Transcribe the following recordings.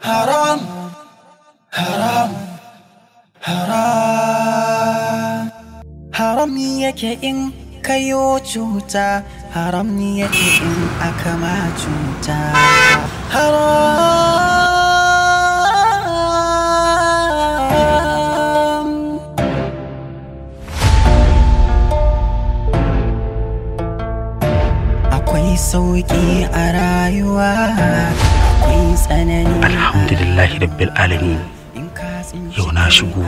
haram haram haram haram ni yake in kayo cuta haram ni yake in aka ma cuta haram akwai sauki a rayuwa alhamdulillah rabbil alamin yau na shigo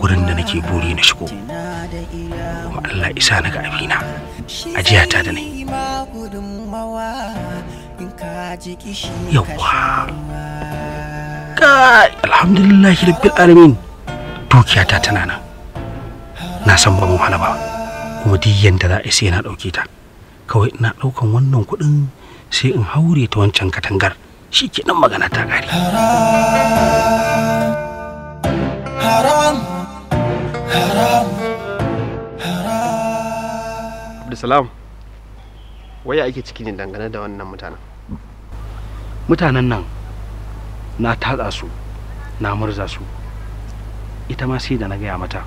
wurin da nake buri na shigo kuma Allah isa na ga abina ajiya ta da ne yawa. kai alhamdulillah rabbil alamin dukiyata tana nan na san ba mu hala ba kuma duk yanda za a sai na dauke ta kawai ina daukan wannan kuɗin sai in haure ta wancan katangar shi kenan magana ta gari abdulsalam waya ake cikin yin dangane da wannan mutanen mutanen nan na tatsa su na murza su ita ma sai da na gaya mata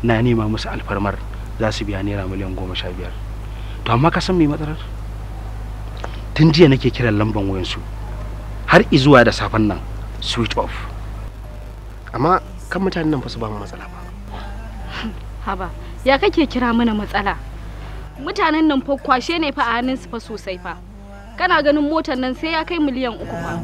na nema musu alfarmar za su biya naira miliyan goma sha biyar to amma ka san mai matsalar tun jiya nake kiran lambar wayansu har izuwa da safen nan switch off amma kan mutanen nan fa su ba mu matsala ba haba ya kake kira mana matsala mutanen nan fa kwashe ne fa a hannun su fa sosai fa kana ganin motar nan sai ya kai miliyan uku fa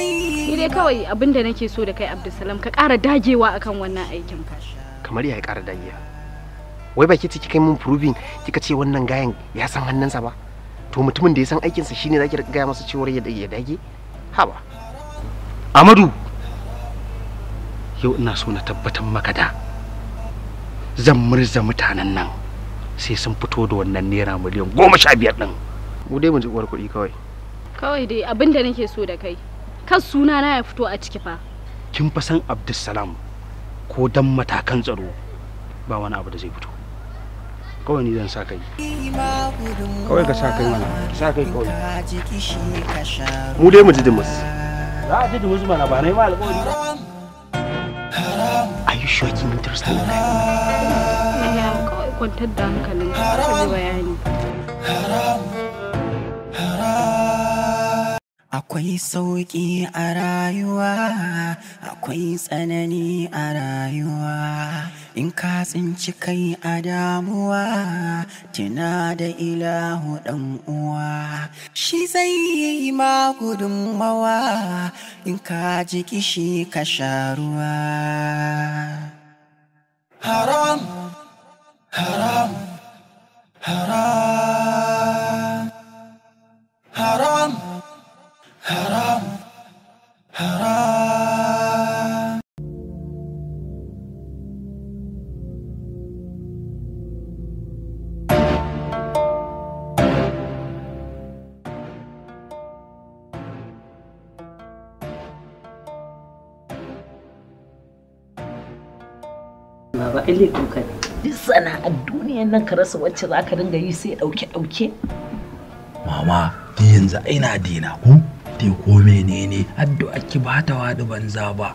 ni dai kawai abin da nake so da kai abdulsalam ka kara dagewa akan wannan aikin ka kamar ya ƙara dagewa wai baki ciki kai mun proving kika ce wannan gayan ya san hannunsa ba to mutumin da ya san aikinsa shine zaki gaya masa cewar ya dage haba amadu yau ina so na tabbatar maka da zan murza mutanen nan sai sun fito da wannan naira miliyan goma sha biyar ɗin mu dai mun ji kuɗi kawai kawai dai abin da nake so da kai kan suna na ya fito a ciki fa kin fa san abdulsalam ko dan matakan tsaro ba wani abu da zai fito kawai ni zan sa kai kawai ka sa kai mana sa kai kawai mu dai mu ji dimus za a ji dimus mana ba nai ma alƙawari ba are you sure kin understand kai kawai kwantar da hankalin ka bayani Akwai sauƙi a rayuwa, akwai tsanani a rayuwa. In ka tsinci kai a damuwa, tuna da ilahu ɗan uwa. Shi zai yi ma gudunmawa, in ka ji kishi ka sha ruwa. Haram, haram, haram, haram. ne ka duk duk a duniyan nan ka rasa wacce za ka dinga yi sai ɗauke ɗauke mama ni yanzu ina dina ku te ko menene addu'a ki ba ta wadu banza ba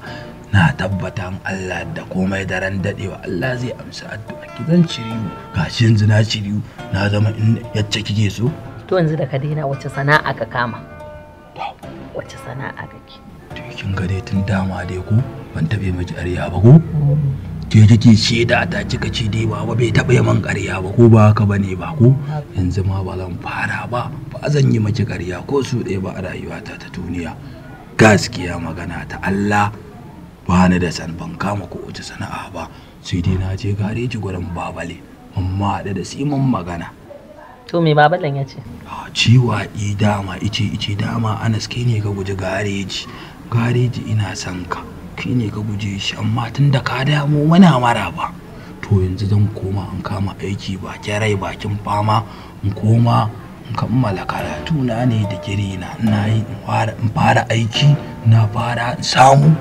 na tabbata Allah da komai da ran dadewa Allah zai amsa addu'a ki zan ciriyu gashi yanzu na ciriyu na zama in yacce kike so to yanzu da ka daina wace sana'a ka kama wace sana'a kake to kin ga tun dama dai ko ban tabe miji arya ba ko ke take ta cika ci dai baba bai taɓa yi man ƙarya ba ko ba haka ba ne ba ko yanzu ma ba zan fara ba ba zan yi maki ƙarya ko su ɗaya ba a rayuwata ta duniya gaskiya magana ta Allah ba ni da san ban kama ko wata sana'a ba sai dai na je gareji gurin babale amma da da siman magana to me babalan ya ce ciwa i dama ice ice dama anas kai ne ka guji gareji gareji ina sanka. kai ne ka guje shi amma tun da ka damu muna mara ba to yanzu zan koma in kama aiki bakin rai bakin fama in koma in kammala karatu na ne da na ina yi in fara aiki na fara samu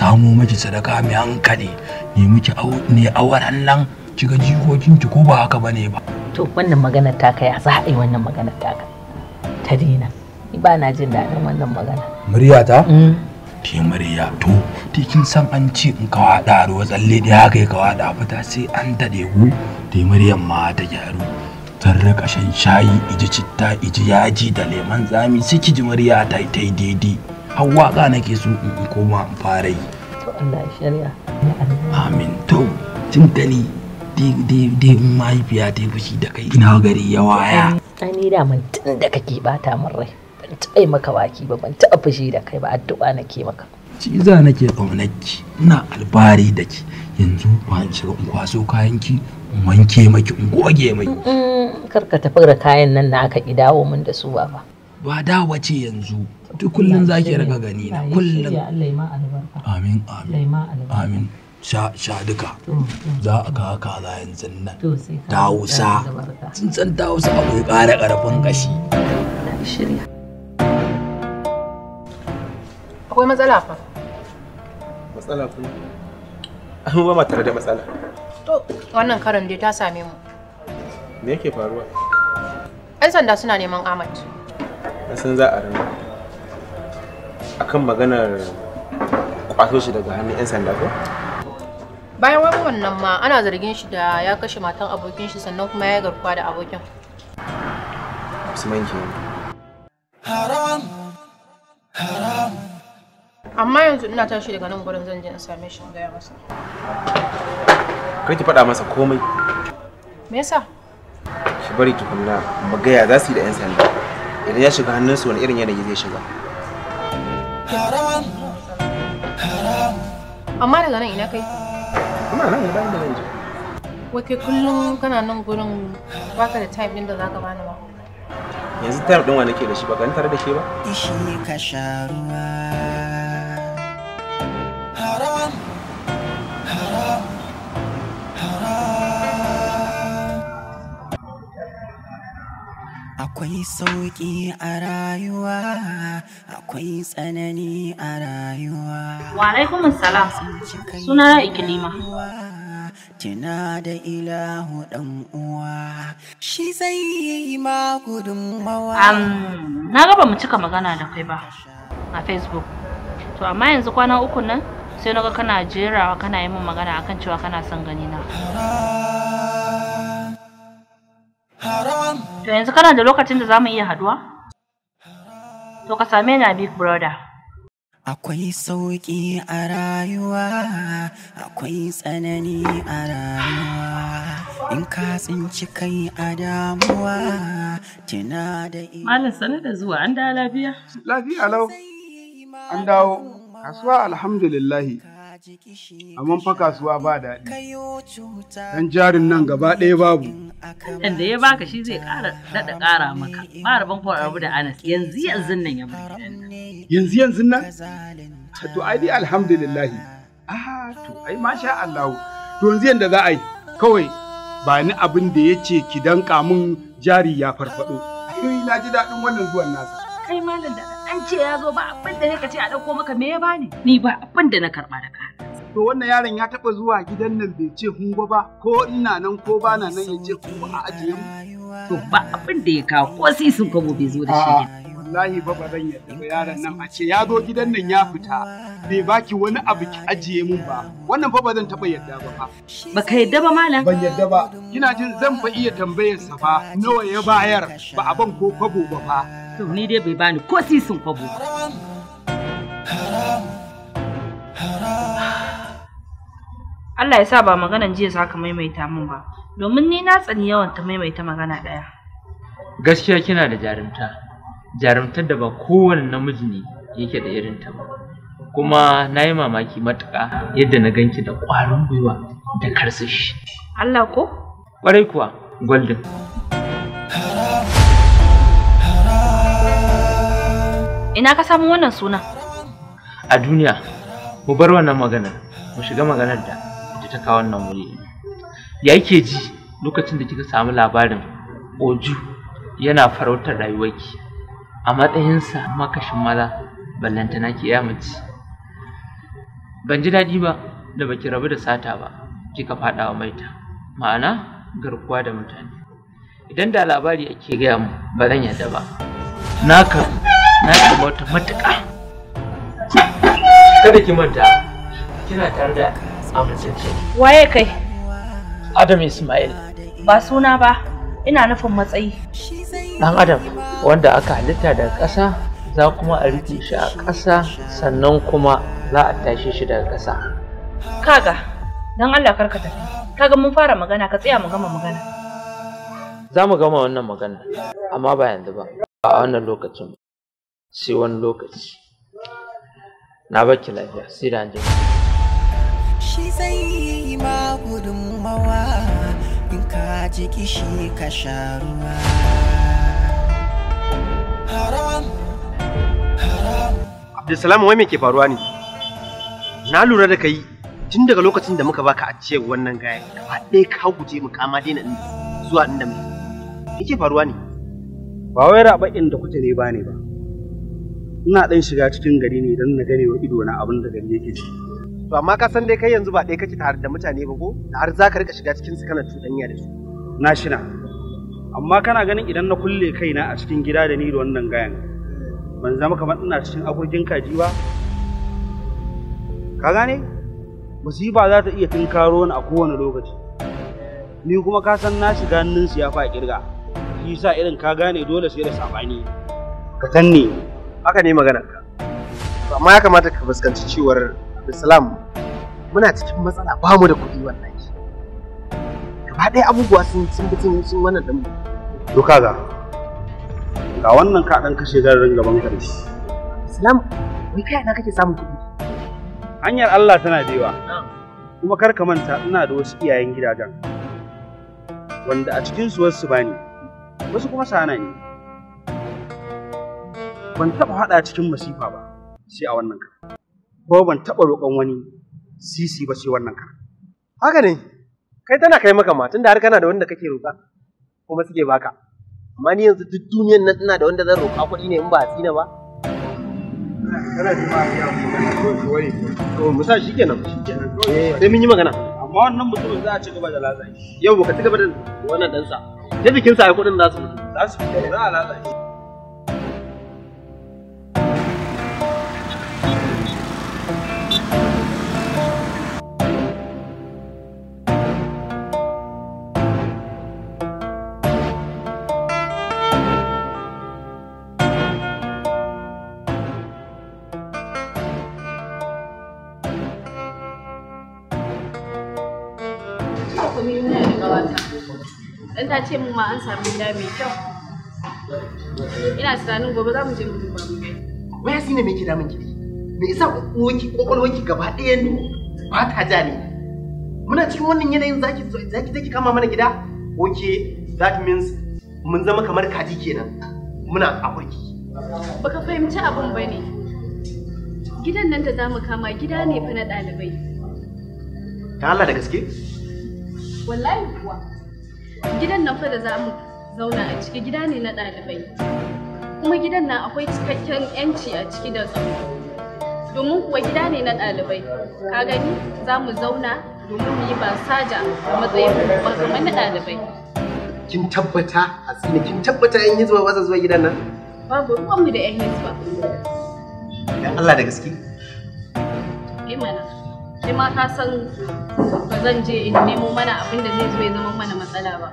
samu miki sadaka mai hankali ne miki ne awaran nan kiga jikokin ki ko ba haka bane ba to wannan magana ta kai za a yi wannan magana ta ka ta dina ba na jin daɗin wannan magana muryata mm. te murya to ti kin san an ce in ka wada ruwa tsalle da haka ka wada fita sai an dade ku te muryan ma ta gyaru zan rika shan shayi iji citta iji yaji da leman tsami sai ki ji murya ta ta daidai hawa waka nake so in koma in fara yi to Allah ya shirya amin to tun gani dai mahaifiya ta fushi da kai ina gari ya waya ai da mai tun da kake bata min rai ban taɓa maka baki ba ban taɓa fushi da kai ba addu'a nake maka ci za nake ƙaunarki ina albari da ki yanzu ba in shiga in kwaso ki in wanke maki in goge maki kar ka tafi da kayan nan na aka ki dawo min da su ba ba ba wace yanzu duk kullum za ki raka gani na kullum amin amin amin sha sha duka za a kawo kaza yanzu nan dawusa sun san dawusa akwai ƙara ƙarfin ƙashi shirya Akwai matsala fa. Matsala kuma? An ba ma tare da matsala. To, wannan karan dai ta same mu. Me yake faruwa? 'Yan sanda suna neman Ahmad. Na san za a rana. Akan maganar kwaso shi daga hannun 'yan sanda ko? Bayan wani wannan ma ana zargin shi da ya kashe matan abokin shi sannan kuma ya garkuwa da abokin. Usman kenan. amma yanzu ina tashi daga nan gurin zan je in same shi in gaya masa kai ki faɗa masa komai me yasa shi bari tukunna mu gaya za su yi da 'yan sanda idan ya shiga hannunsu wani irin yanayi zai shiga amma daga nan ina kai ina nan ina da nan wai kai kullum kana nan gurin baka da time din da zaka bani ba yanzu time din wa nake da shi ba ka tare da ke ba shi ka sha ruwa Akwai sauƙi a rayuwa, akwai tsanani a rayuwa. Wa alaikumus salam, suna Ikilima. tina da ilahu dan uwa shi zai yi ma gudunmawa na gaba mu cika magana da kai ba a facebook to amma yanzu kwana uku nan sai na ga kana jerawa kana yi min magana akan cewa kana son gani na To yanzu kana da lokacin da za mu iya haduwa? To ka same ni a Big Brother. Akwai sauƙi a rayuwa, akwai tsanani a rayuwa, in ka tsinci kai a damuwa, tuna da Malam sanar da zuwa an dawo lafiya? Lafiya lau, an dawo, kasuwa alhamdulillahi, amma fa kasuwa ba daɗi, dan jarin nan gaba ɗaya babu. and da ya baka shi zai kara dada ƙara maka. Ba rabon fa abu da Anas yanzu yanzu nan ya bar Yanzu yanzu nan? To ai dai alhamdulillah. Ah to ai masha Allah. To yanzu yanda za a yi kawai ba ni abin da ya ce ki danka mun jari ya farfado. Ai na ji daɗin wannan zuwan nasa. Kai malam da an ce ya zo ba abin da ne ka ce a ɗauko maka me ya bani? Ni ba abin da na karba daga To wannan yaron ya taba zuwa gidan nan bai ce hungo ba ko ina nan ko ba na nan ya ce hungo a ajiye mu to ba abin da ya kawo ko sai sun kamo bai zo da shi wallahi ba ba zan yarda ba yaron nan a ce ya zo gidan nan ya fita bai baki wani abu ki ajiye mun ba wannan fa ba zan taba yarda ba ba baka yarda ba malam ban yarda ba kina jin zan fa iya tambayar sa fa nawa ya bayar ba abin ko kwabo ba fa to ni dai bai bani ko sisin kwabo ba haram haram haram Allah ya sa ba maganan jiya za ka maimaita min ba domin ni na tsani yawan ta maimaita magana ɗaya gaskiya kina da jarumta jarumtar da ba kowane namiji ne yake da irin ta ba kuma na yi mamaki matuƙa yadda na ganki da ƙwarin gwiwa da karsashi Allah ko ƙwarai kuwa Golden. ina ka samu wannan suna a duniya mu bar wannan maganar mu shiga maganar da ta kawo wannan wuri ya yake ji lokacin da kika samu labarin oju yana farautar rayuwarki a matsayinsa makashin maza ballantana ki ya mace ban ji daɗi ba da baki rabu da sata ba kika faɗawa maita ma'ana garkuwa da mutane idan da labari ake gaya mu ba zan yadda ba na na ka wata matuƙa kada ki manta kina tare da Waye kai? Adam Ismail. Ba suna ba, ina nufin matsayi. Ɗan Adam wanda aka halitta daga ƙasa za kuma a riƙe shi a ƙasa sannan kuma za a tashe shi daga ƙasa. Kaga, don Allah karka tafi. Kaga mun fara magana ka tsaya mu gama magana. Za mu gama wannan magana, amma ba yanzu ba, a wannan lokacin sai wani lokaci. Na baki lafiya, sai da an shi zai ma gudunmawa in ka ji kishi ka sha ruwa haram haram abdulsalam wai me ke faruwa ne na lura da kai tun daga lokacin da muka baka ajiyar wannan gaya gaba ɗaya ka guje mu kama daina zuwa inda mu yake faruwa ne ba wai raɓaƙin da kuke ne ba ne ba ina ɗan shiga cikin gari ne don na gane wa ido na abin da gari yake ciki to amma ka san dai kai yanzu ba ɗaya kake tare da mutane ba ko har za ka riƙa shiga cikin su kana cuɗanya da su na shina amma kana ganin idan na kulle kaina a cikin gida da ni da wannan gayan ban zama kamar ina cikin agurgin kaji ba ka gane musiba za ta iya tunkaro ni a kowane lokaci ni kuma ka san na shiga hannun a kirga shi sa irin ka gane dole sai da sabani ka tanne haka ne maganar ka amma ya kamata ka fuskanci cewar Abdulsalam muna cikin matsala ba mu da kuɗi wannan ki. Gaba ɗaya abubuwa sun sun bitin sun wannan ɗin. To kaga ga wannan ka ɗan kashe garin gaban ka da shi. wai kai na kake samun kuɗi? Hanyar Allah tana da yawa. Kuma kar ka manta ina da wasu iyayen gidajen wanda a cikin su wasu bani wasu kuma sana ne. Ban taɓa haɗa cikin masifa ba sai a wannan kara. kuma ban taɓa roƙon wani sisi ba sai wannan karan. Haka ne, kai tana kai maka ma tunda har kana da wanda kake roƙa kuma suke baka. Amma ni yanzu duk duniyan nan ina da wanda zan roƙa kuɗi ne in ba a tsina ba. Kana ji ma ya kuma shi wani. musa shi kenan. Eh, sai mun yi magana. Amma wannan mutumin za a ci gaba da latsa shi. Yau ka ci gaba da wannan dansa. Ta bikinsa a kuɗin za su mutu. Za su fita za a latsa shi. ƙawata dan ta ce min ma an samu gida mai kyau ina tunanin gobe za mu je mu duba mu waya sine me ke damun ki me yasa kokoki kokolwaki gaba ɗaya ba ta ja ne muna cikin wannan yanayin zaki zaki take kama mana gida okay that means mun zama kamar kaji kenan muna a kurki baka fahimci abin bane gidan nan da zamu kama gida ne fa na ɗalibai ta Allah da gaske wallahi kuwa gidan nan fa da za mu zauna a ciki gida ne na ɗalibai kuma gidan nan akwai cikakken yanci a ciki da tsaro domin kuwa gida ne na ɗalibai ka gani za mu zauna domin mu yi ba saja a matsayin ba kamar na ɗalibai kin tabbata a tsini kin tabbata yan hizba ba zuwa gidan nan babu ruwanmu da yan hizba dan Allah da gaske eh mana sai ma ka san ba zan je in nemo mana abin da zai zo ya zama mana matsala ba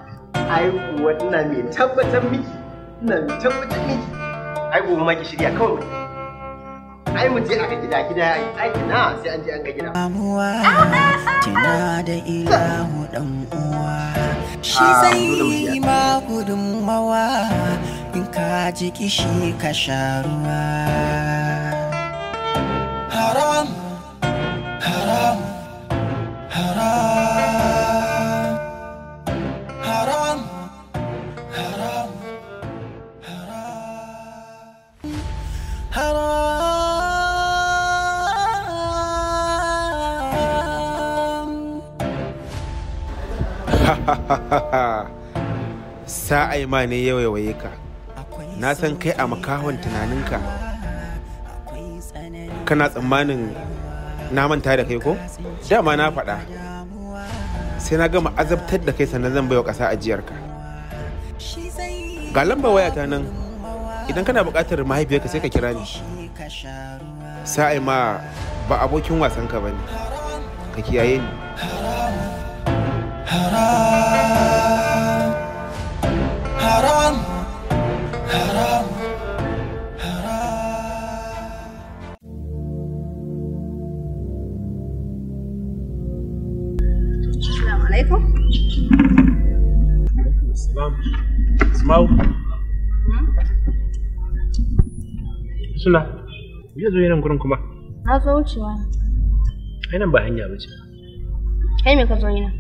ai kuwa ina mai tabbatar miki ina mai tabbatar miki ai gobe ma ki shirya kawai ai mu je a ga gida gida ai ina sai an je an ga gida amuwa Tina da ilahu dan uwa shi ah, zai yi ma gudunmawa in ka ji kishi ka sha ruwa sa'ai ma ne yawaye ka na san kai a makahon tunaninka kana tsammanin na manta da kai ko dama na faɗa sai na gama azabtar da kai sannan zan baiwa ƙasa ajiyarka ga lamba wayata nan idan kana buƙatar mahaifiyarka sai ka kira ni sa'ai ma ba abokin wasanka ba ne ka kiyaye ni Ismau. Hmm? Sula, me zo yanan gurin kuma? Na zo wucewa ne. Ai nan ba hanya ba ce. Kai me ka zo yana?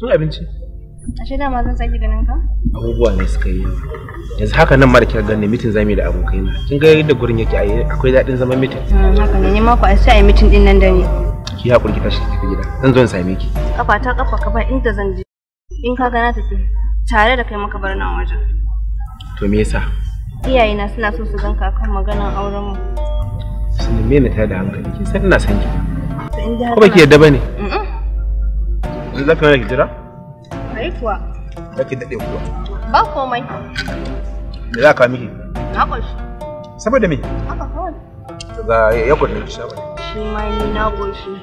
Zo abinci. Ashe dama zan sake ganin ka? Abubuwa ne suka yi yanzu haka nan mara kira ganin mitin zamu da abokai na. Kin ga yadda gurin yake a akwai daɗin zaman mitin. Hmm, haka ne, ni ma ku a yi mitin din nan da ni. Ki haƙuri ki tashi ki tafi gida. Zan zo in same ki. Kafa ta kafa ka ba inda zan je. In ka gana tafi. tare da kai muka bar nan wajen to me yasa iyayena suna so su ganka kan maganar auren mu sun me ne ta da hankali kin san ina san ki ko baki yadda bane in za ka yi jira ai kuwa kake dade kuwa ba komai me za ka miki na koshi saboda me haka kawai za ya gwanin ki ba. shi ma ni na koshi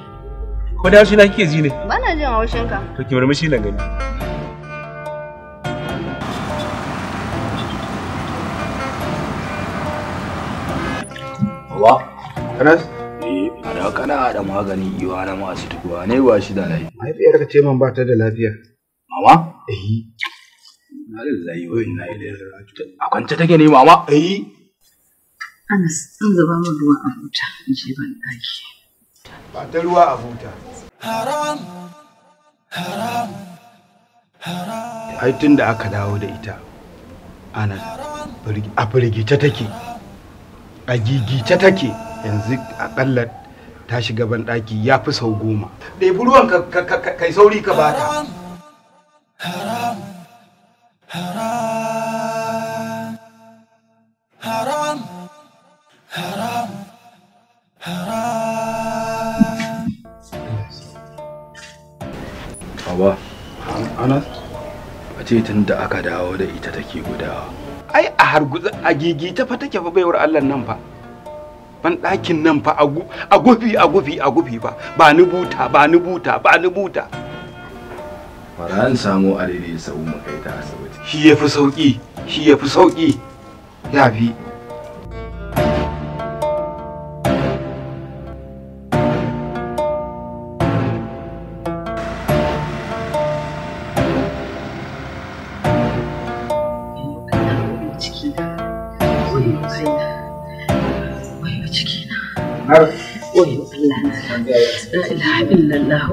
ko da shi na kike ji ne bana jin haushin ka to ki murmushi nan gani kuwa karas eh ana kana da magani iwa na ma asibiti kuwa ne ba shi da lafiya mahaifiyar ka ce man ba ta da lafiya mama eh na da zai wa da ida a kwance take ne mama eh Anas, an zaba mu ruwa a huta, in je ban ɗaki. Ba ta ruwa a huta. Haram, haram, haram. Ai tunda aka dawo da ita, ana a firgita take. a gigice take yanzu akalla ta shiga ban ɗaki ya fi sau goma ɗebi ruwan kai sauri ka bata haram haram a ce tun da aka dawo da ita take gudawa. ai a hargutsa a gigita fa take fa baiwar Allah nan fa ban ɗakin nan fa a gufi a gufi a gufi fa ba ni buta ba ni buta ba ni buta Faran samo a sa'u mu kai ta asibiti shi yafi sauki shi yafi sauki ya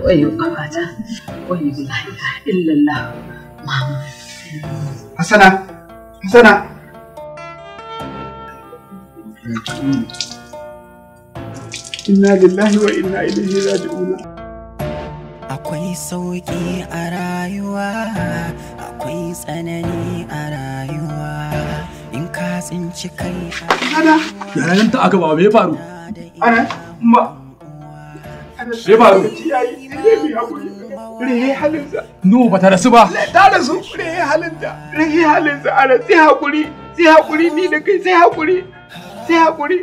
wayo kafata wayo la illallah mama hasana hasana inna lillahi wa inna ilaihi raji'un akwai sauki a rayuwa akwai tsanani a rayuwa in ka tsinci kai a ina? da ta aka ba faru ana ma ya faru rere halinsa no ba ta rasu ba ta rasu rere halinta rere halinsa ana sai hakuri sai hakuri ni da kai sai hakuri sai hakuri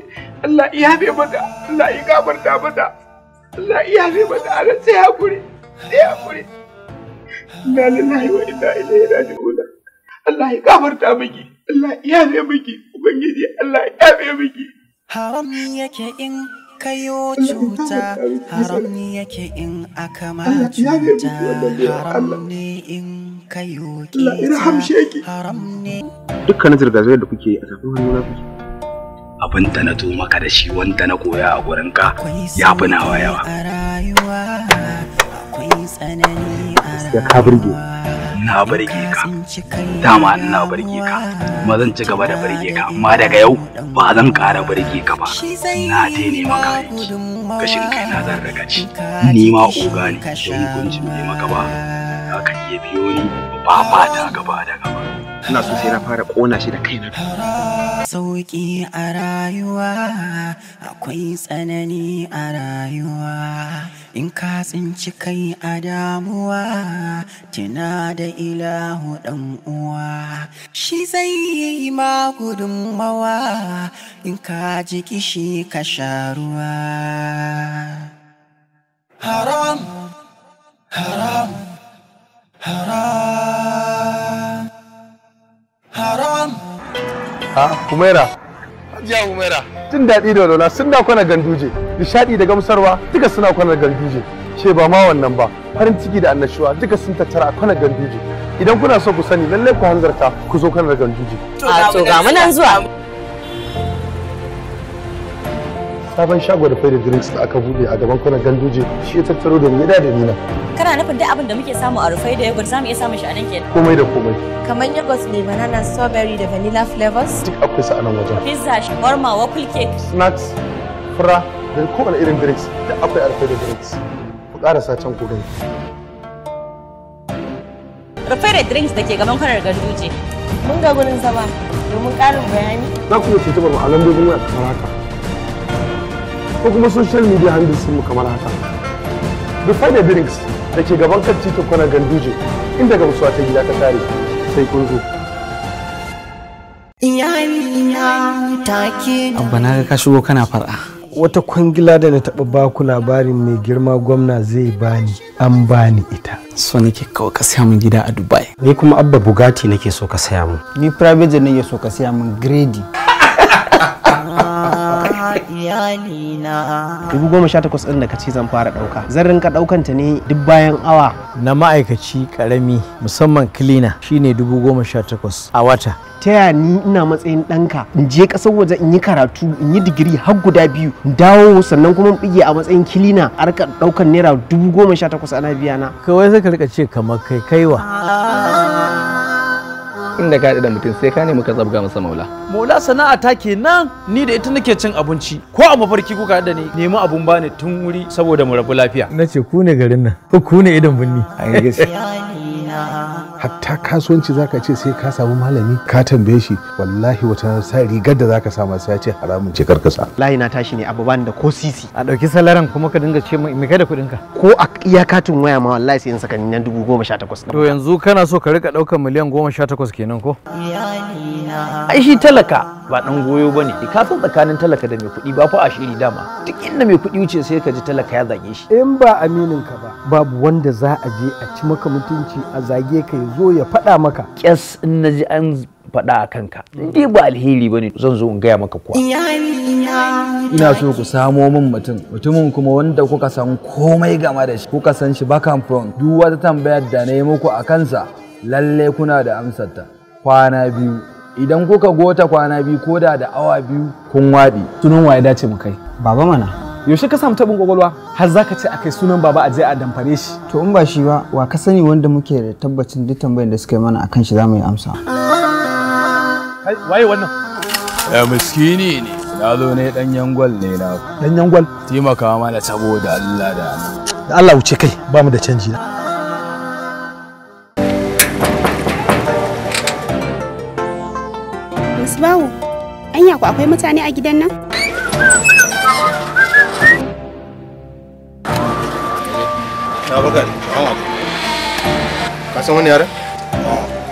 Allah ya yafe mata Allah ya gafarta mata Allah ya yafe mata ana sai hakuri sai hakuri inna lillahi wa inna ilaihi raji'un Allah ya gafarta miki Allah ya yafe miki ubangiji Allah ya yafe miki haram yake in kayo cuta haram ne yake in aka ma cuta haram ne in kayo kita haram ne dukkanin zirga-zirgar da kuke a tafi hannu na kuke abin da na to maka da shi wanda na koya a gurin ka ya fi nawa yawa ya ka burge na barge ka dama ina barge ka ma zan ci gaba da barge ka amma daga yau ba zan ƙara barge ka ba na daina maka aiki kashin kai na zan raga ci ni ma oga ne don hukuncin ne maka ba za ka iya biyo ni ba ta gaba da gaba ina so sai na fara kona shi da kaina sauki a rayuwa akwai tsanani a rayuwa in ka tsinci kai a damuwa tina da ilahu dan uwa shi zai yi ma gudunmawa in ka ji kishi ka sha ruwa haram haram haram haram ha ah, kumaira Hajiya Humaira. Jin daɗi da walwala sun da kwana ganduje, nishaɗi da gamsarwa duka suna kwana ganduje. Ce ba ma wannan ba, farin ciki da annashuwa duka sun tattara a kwana ganduje. Idan kuna so ku sani lallai ku hanzarta ku zo kwana ganduje. A to ga munan zuwa. sabon shago da faida drinks da aka bude a gaban kwanan ganduje shi ya tattaro da ya da nina. kana nufin duk abin da muke samu a rufai da yogurt zamu iya samun shi a nan kenan komai da komai kamar yogurt ne banana strawberry da vanilla flavors duk akwai su a nan wajen pizza shawarma waffle cake snacks fura da kowane irin drinks da akwai a rufai da drinks ku karasa can ku gani rufai da drinks da ke gaban kwanan ganduje mun ga gurin zama domin karin bayani za ku iya tuntuɓar mu a lambobin wayar kamar ko kuma social media handles mu kamar haka rufai da drinks da ke gaban kan titin kwanar ganduje inda gamsuwa ta gida ta tare sai kun zo abba na ga ka shigo kana fara wata kwangila da na taɓa baku labarin mai girma gwamna zai bani an bani ita so nake kawai ka saya min gida a dubai ni kuma abba bugatti nake so ka saya min ni private jet ya so ka saya min giredi. iyalina. Dubu goma sha takwas ɗin da ka ce zan fara ɗauka. Zan rinka ɗaukan ta ne duk bayan awa. Na ma'aikaci ƙarami musamman kilina shine dubu goma sha takwas a wata. taya ni ina matsayin ɗanka in je ƙasar waje in yi karatu in yi digiri har guda biyu in dawo sannan kuma bige a matsayin kilina a rika ɗaukan naira dubu goma sha takwas ana biya na. Kawai sai ka rika ce kamar kai kaiwa. Ah. inda ka da mutum sai ka nemi ka zabga masa maula maula sana'a ta kenan ni da ita nake cin abinci ko a mafarki kuka da ni nemi abun bani tun wuri saboda mu rabu lafiya nace ku ne garin nan ku ne idan binni hatta kasuwanci zaka ce sai ka samu malami ka tambaye shi wallahi wata sa rigar da zaka samu sai ya ce haramun ce karkasa layi na tashi ne abu da ko sisi a dauki salaran kuma ka dinga ce mai kai da kuɗin ka ko a iya katin waya ma wallahi sai in saka ni nan dubu goma to yanzu kana so ka rika ɗaukar miliyan goma sha kenan ko ai shi talaka ba dan goyo bane ka san tsakanin talaka da mai kuɗi ba fa ashiri dama duk inda mai kuɗi wuce sai ka ji talaka ya zage shi in ba aminin ka ba babu wanda za a je a ci maka mutunci a zage ka ya zo ya faɗa maka kyas in na ji an faɗa a kanka Ni ba alheri bane zan zo in gaya maka kuwa ina so ku samo min mutum mutumin kuma wanda kuka san komai game da shi kuka san shi and front duk wata tambayar da na yi muku a kansa lalle kuna da amsarta kwana biyu idan kuka gota kwana biyu ko da da awa biyu kun waɗi sunan waye dace mu kai baba mana yaushe ka samu tabin gwagwalwa? har za ka ce a kai sunan baba a je a damfare shi to in ba shi ba wa ka sani wanda muke da tabbacin duk tambayar da suka yi mana akan shi za mu yi amsa waye wannan ya miskini ne na zo ne dan yangwal ne na dan yangwal taimaka mana saboda Allah da da Allah wuce kai ba mu da canji na Musbahu anya ku akwai mutane a gidan nan Abubakar, Ka san wani yaran?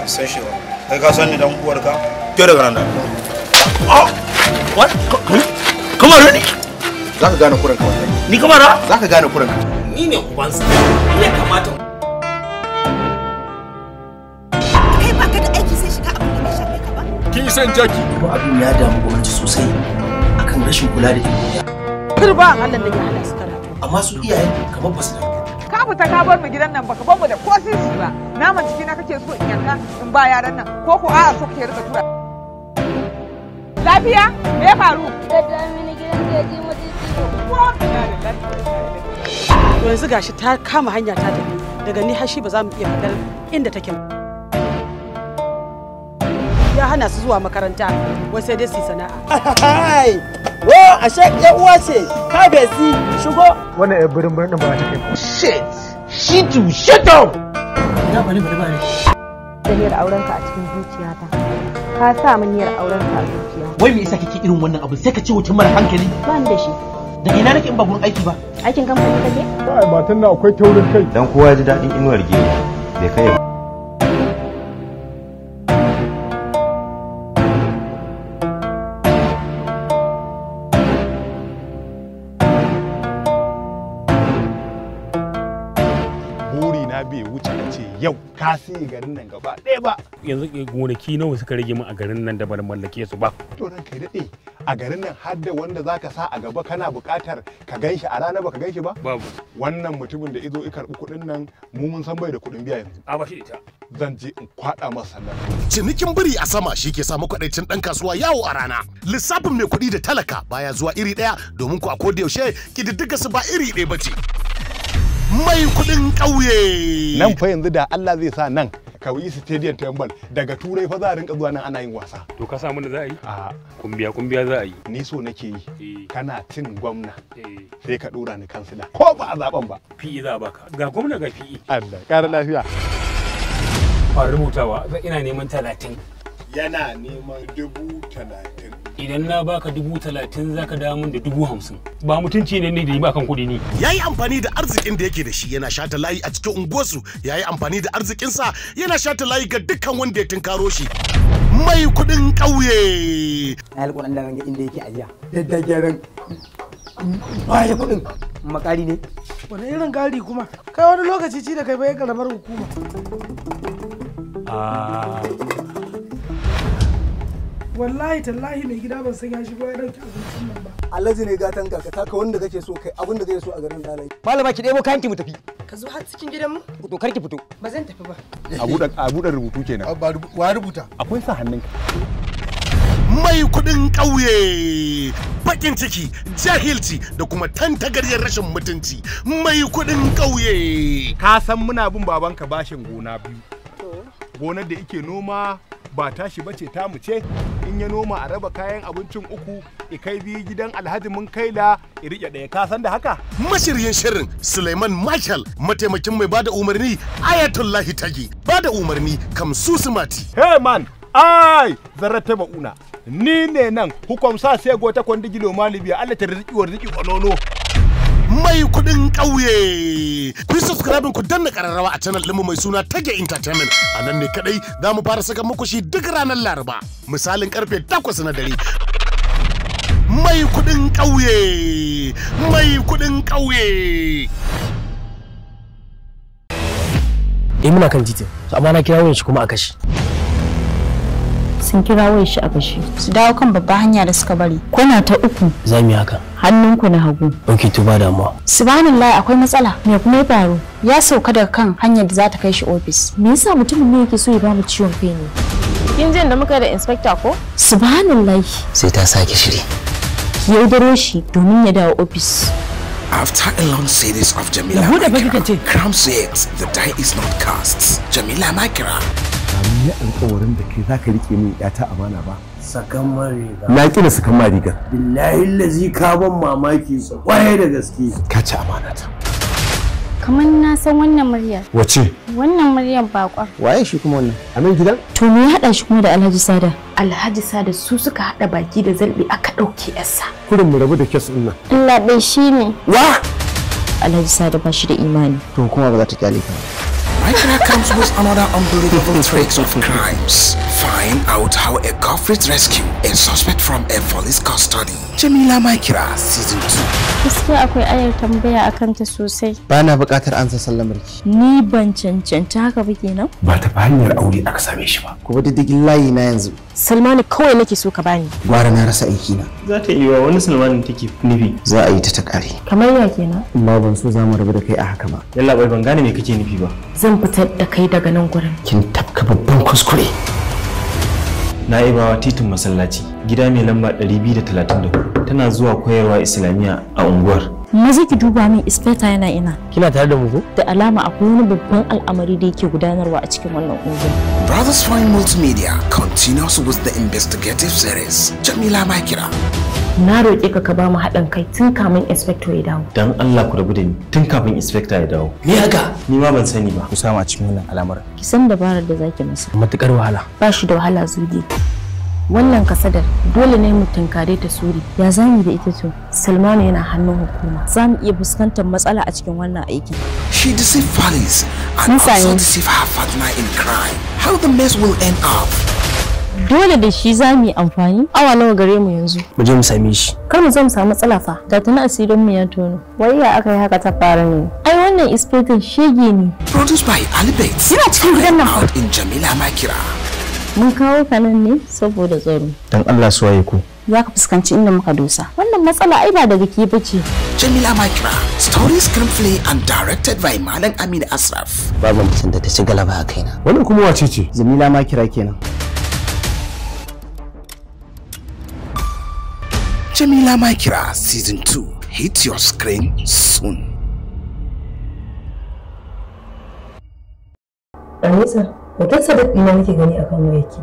san shi ba. Kai ka san ni dan uwarka? Ke daga nan da. Oh! come on ne? Za ka gane kuranka wannan. Ni kamar? Za ka gane kuranka. Ni ne ubansa. Ni ya kamata. Kai ba ka da aiki sai shiga abin da bai shafe ka ba. Kin san jaki? Ba abin ya damu gwamnati sosai akan rashin kula da ilimi. Kar ba Allah da ya hana Amma su iyaye kamar ba su da mu ta kabar mu gidan nan baka mu da ko sisi ba naman ciki na kake so in yanka in ba yaran nan ko ko a'a so kake rika tura lafiya me ya faru yanzu gashi ta kama hanya ta tafi daga ni hashi ba za mu iya fitar inda take ya hana su zuwa makaranta wai sai dai su sana'a wo ashe ya uwa ce ka besi shigo wannan ya birin birin ba ta kai shit shit you shut up na bari bari bari da niyyar auren ka a cikin zuciyata ka sa mun niyyar auren ka a zuciya wai me yasa kike irin wannan abu sai ka ce wucin mara hankali ba da shi da ina nake in ba gurin aiki ba aikin kamfani kake kai matan na akwai taurin kai dan kowa ya ji daɗin inuwar gero bai kai tasiri garin nan gaba ɗaya ba yanzu eh, gonaki nawa suka rage mu a garin nan da bar mallake su ba to nan kai daɗe a garin nan har da wanda zaka sa a gaba kana buƙatar ka ganshi a rana ba ka ganshi ba babu wannan mutumin da izo i karɓi kuɗin nan mu mun san bai da kuɗin biya yanzu a ba shi ita zan je in kwaɗa masa nan cinikin biri a sama shi ke samu kwaɗaicin ɗan kasuwa yawo a rana lissafin mai kuɗi da talaka baya zuwa iri ɗaya domin ku a koda yaushe ƙididdiga su ba iri ɗaya ba ce mai kudin ƙauye. Nan fa yanzu da Allah zai sa nan kauyi stadium tambal daga turai fa za a rinka zuwa nan ana yin wasa. To ka samu da za a yi? A kumbiya kumbiya za a yi. Ni so nake yi. Eh. Kana tin gwamna. Eh. Sai ka dora ni kansila. Ko ba a zaben ba. Fi e za a baka. Ga gwamna ga fi. E. Allah ƙara lafiya. Ba rubutawa ina neman talatin. Yana neman dubu talatin. idan na baka dubu talatin za ka damun da dubu hamsin ba mutunci ne ne da yi ba kan kuɗi ne ya yi amfani da arzikin da yake da shi yana shata layi a cikin unguwarsu ya yi amfani da arzikinsa yana shata layi ga dukkan wanda ya tunkaro shi mai kuɗin ƙauye na yi alƙwalan da ranga inda yake ajiya da gyaran baya kuɗin makari ne wani irin gari kuma kai wani lokaci ci da kai bai karamar hukuma ah. wallahi tallahi mai gida ban san ya shigo ya dauki abincin nan ba alhaji ne gatan ka taka wanda kake so kai abin da kake so a garin dalai malama ki debo kanki mu tafi ka zo har cikin gidanmu to kar ki fito ba zan tafi ba a buɗe a buɗe rubutu kenan wa rubuta akwai sa hannunka mai kudin ƙauye bakin ciki jahilci da kuma tantagaryar rashin mutunci mai kudin ƙauye ka san muna bin babanka bashin gona biyu gonar da ike noma ba tashi bace ta mu ce ya noma a raba kayan abincin uku ya kai biyu gidan alhaji mun kai da ya ɗaya ka san da haka. Mashiryin shirin Suleiman Marshal mataimakin mai bada umarni ayatollah Tagi bada umarni kamsu sumati. Hey man, ai zarrata una ni ne nan hukumsa sai gota kwandigilo gilo malibiya Allah ta riƙi wa riƙi ƙwalolo. mai kudin ƙauye. Ku yi subscribing ku danna ƙararrawa a channel ɗinmu mai suna Tage Entertainment. A nan ne kaɗai za mu fara saka muku shi duk ranar Laraba. Misalin karfe takwas na dare. Mai kudin ƙauye. Mai kudin ƙauye. Eh muna kan titin, amma na kira wani shi kuma a kashi. sun kira wai shi a gashi su dawo kan babba hanya da suka bari Kuna ta uku za mu yi haka hannunku na hagu ok to ba damuwa subhanallah akwai matsala me kuma ya faru ya sauka daga kan hanyar da za ta kai shi ofis me yasa mutumin ne yake so ya ba mu ciwon kai ne kin je da muka da inspector ko subhanallah sai ta sake shiri ya yaudaro shi domin ya dawo ofis After a long series of Jamila Makira, Kram says the die is not cast. Jamila Makira Ba yi alƙawarin da kai za ka riƙe min ƴata amana ba. Sakan riga. Na ƙi da sakan ma Billahi lazi ka ban mamaki sa ƙwaye da gaske. Ka ci amana ta. Kamar na san wannan muryar. Wace? Wannan muryar bakon. Waye shi kuma wannan? A nan gidan? To me ya haɗa shi kuma da Alhaji Sada? Alhaji Sada su suka haɗa baki da zalɓi aka ɗauke yarsa. Kurin mu rabu da kes ɗin nan. Allah ɗai shi ne. Wa? Alhaji Sada ba shi da imani. To kuma ba za ta kyale ka ba. And comes with another unbelievable tricks of crimes. Find out how a culprit rescue a suspect from a police custody. Jamila Maikira Season 2. Gaskiya akwai ayar tambaya a kanta sosai. Ba na buƙatar ansa sallamar ki. Ni ban cancanta haka ba kenan. Ba ta hanyar aure aka same shi ba. Ku bi diddigin layi na yanzu. salmani kawai nake so ka bani. Gwara na rasa aiki na. Za ta yi wa wani salmani take nufi. Za a yi ta ta kare. Kamar ya kenan. Amma ban so za mu rabu da kai a haka ba. Yalla bai ban gane me kake nufi ba. Zan fitar da kai daga nan gurin. Kin tafka babban kuskure. Na'ibawa titin masallaci gida mai lamba 234 tana zuwa koyarwa Islamiyya a unguwar. maza ki duba min inspector yana ina kina tare da mu ko da alama akwai wani babban al'amari da yake gudanarwa a cikin wannan unguwa Brothers Fine Multimedia continues with the investigative series Jamila Makira na roƙe ka ka bamu mu haɗin kai tun kamin inspector ya dawo dan Allah ku rabu da ni tun kafin inspector ya dawo ni haka ni ma ban sani ba ku sama cikin wannan al'amarin ki san dabarar da zaki masa matukar wahala ba shi da wahala zuri wannan kasadar dole ne mu tunkare ta suri ya zamu da ita to salmanu yana hannun hukuma za mu iya fuskantar matsala a cikin wannan aiki. she deceived faris and also deceived her Fatima in crime how the mess will end up dole da shi za mu yi amfani awa nawa gare mu yanzu mu je mu same shi kar mu zo mu samu matsala fa da tana asirin mu ya tono wai ya aka yi haka ta fara ne ai wannan inspector shege ne produced by alibet yana cikin gidan nan in Jamila Makira mun kawo ka ne saboda tsaro dan Allah su waye ku za ka fuskanci inda muka dosa wannan matsala ai ba daga ke bace Jamila Makira story screenplay and directed by Malam Aminu Asraf babu mutum da ta ci galaba a kaina wannan kuma wace ce Jamila Makira kenan Jamila Makira season 2 hit your screen soon hoton sadik ɗina nake gani kan wayarki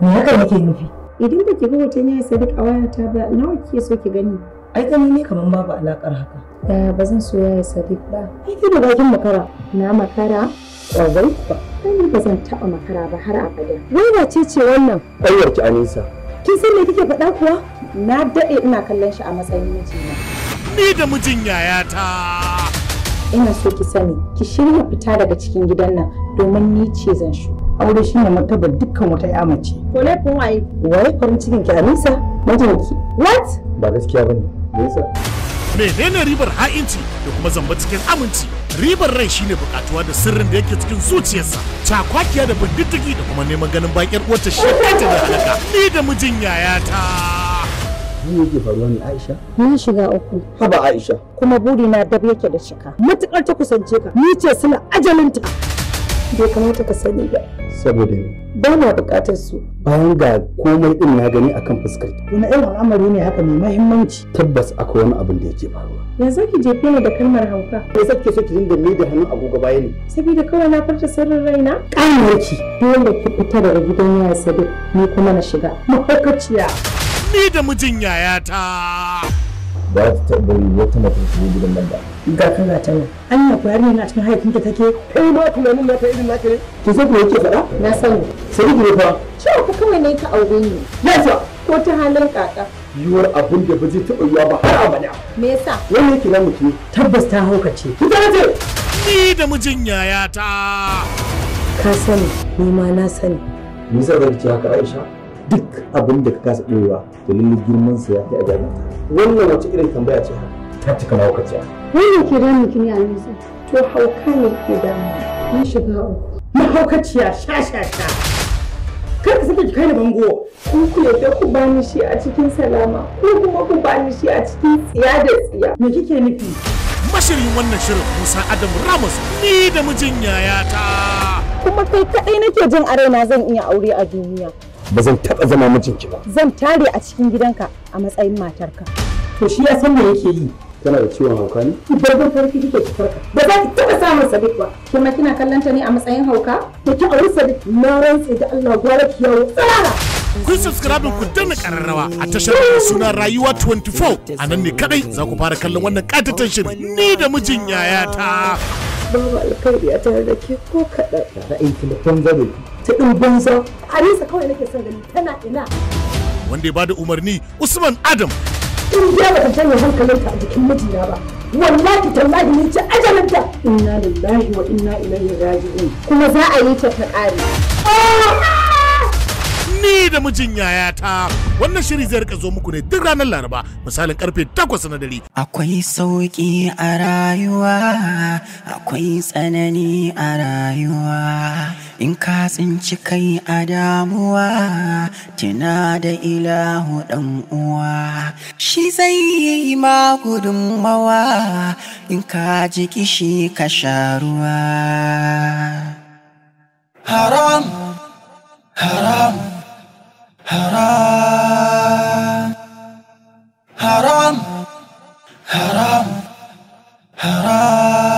me haka nake nufi idan baki ga hoton yayi sadik a wayarta ba nawa kike so ki gani ai gani ne kaman babu alakar haka Yaya ba zan so sadik ba ai da bakin makara na makara ƙwazai ba ni ba zan taɓa makara ba har abada wai ba ce ce wannan ƙwayar ki anisa kin san me kike faɗa kuwa na daɗe ina kallon shi a matsayin mijina ni da mijin yayata ina so ki sani ki shirya fita daga cikin gidan nan domin ni ce zan shu aure shi ne martaba dukkan wata ya mace to laifin waye waye farin cikin ki Anisa mijinki what ba gaskiya bane ne menene ribar ha'inci da kuma zamba cikin aminci ribar rai shine bukatuwa da sirrin da yake cikin zuciyarsa cakwakiya da bindiddigi da kuma neman ganin bakin uwarta shi ta da halaka ni da mijin yayata Ni yake faruwa ne Aisha? Na shiga uku. Haba Aisha. Kuma buri na dab yake da cika. Matukar ta kusance ka. Ni ce suna ajalinta. Bai kamata ka sani ba. Saboda ni. Ba na bukatar su. Bayan ga komai din na gani akan fuskar ki. Wani irin al'amari ne haka mai mahimmanci? Tabbas akwai wani abin da yake faruwa. Ya ki jefe ni da kalmar hauka? Me yasa ki so ki dinga mai da hannun agogo baya ne? Saboda kawai na farta sirrin raina? Ƙayyarki. Dole ki fita daga gidan yaya Sadiq ni kuma na shiga. Mahaukaciya. ni da mijin yayata. Ba ta tabbari yi wata mata ta gidan nan ba. Ga kana ta An yi kwayar na cikin haifin ta take. Kai ma tunanin na ta irin n'a ne. Ki san me yake fada? Na sani. Sai ki fa. Cewa ku kawai ne ka aure ni. Yasa. Ko ta halin kaka. yiwuwar abin da ba zai taɓa ba har abada. Me yasa? Wani yake na ke Tabbas ta haukace. Ki ta ce. Ni da mijin yayata. Ka sani, ni ma na sani. Me yasa zan ci haka Aisha? duk abin da ka kasa ɗorewa da lalle girman sa ya fi a jami'a wannan wace irin tambaya ce ta cika na wakaci wannan ke damu ki ne a yanzu to hauka ne ke damu Na shiga uku mahaukaciya sha sha sha kar ka saka ki kai ni bango ku ku yadda ku bani shi a cikin salama ko kuma ku bani shi a cikin tsiya da tsiya me kike nufi mashirin wannan shirin Musa Adam Ramos ni da mijin yayata kuma kai kadai nake jin raina zan iya aure a duniya ba zan taɓa zama mijinki ba. Zan tare a cikin gidanka a matsayin matarka. To shi ya san me yake yi. kana da ciwon hauka ne? Babban farki kike ki farka. Ba za ki taɓa samun Sadiq ba. Kuma kina kallon ta ne a matsayin hauka? To ki auri Sadiq na rantse da Allah gwara ki yawo tsara. Kun subscribe ku danna kararrawa a tashar suna Rayuwa 24 a nan ne kadai za ku fara kallon wannan katatan shirin ni da mijin yayata. Babu alkhairi a tare da ke ko kaɗan. Ra'ayi telefon zaro ta ɗin zo harisa kawai nake son gani tana ina wanda ya bada umarni usman adam in dai baka janye hankalinka a jikin mijina ba wallahi tallahi ni ce ajalinta inna lillahi wa inna ilaihi raji'un kuma za a yi ta ta ƙare ah! ni da mijin yayata wannan shiri zai rika zo muku ne duk ranar laraba misalin karfe 8 na dare akwai sauki a rayuwa akwai tsanani a rayuwa in ka tsinci kai a damuwa tuna da ilahu dan uwa shi zai yi ma gudunmawa in ka ji kishi ka sha ruwa haram haram حرام حرام حرام حرام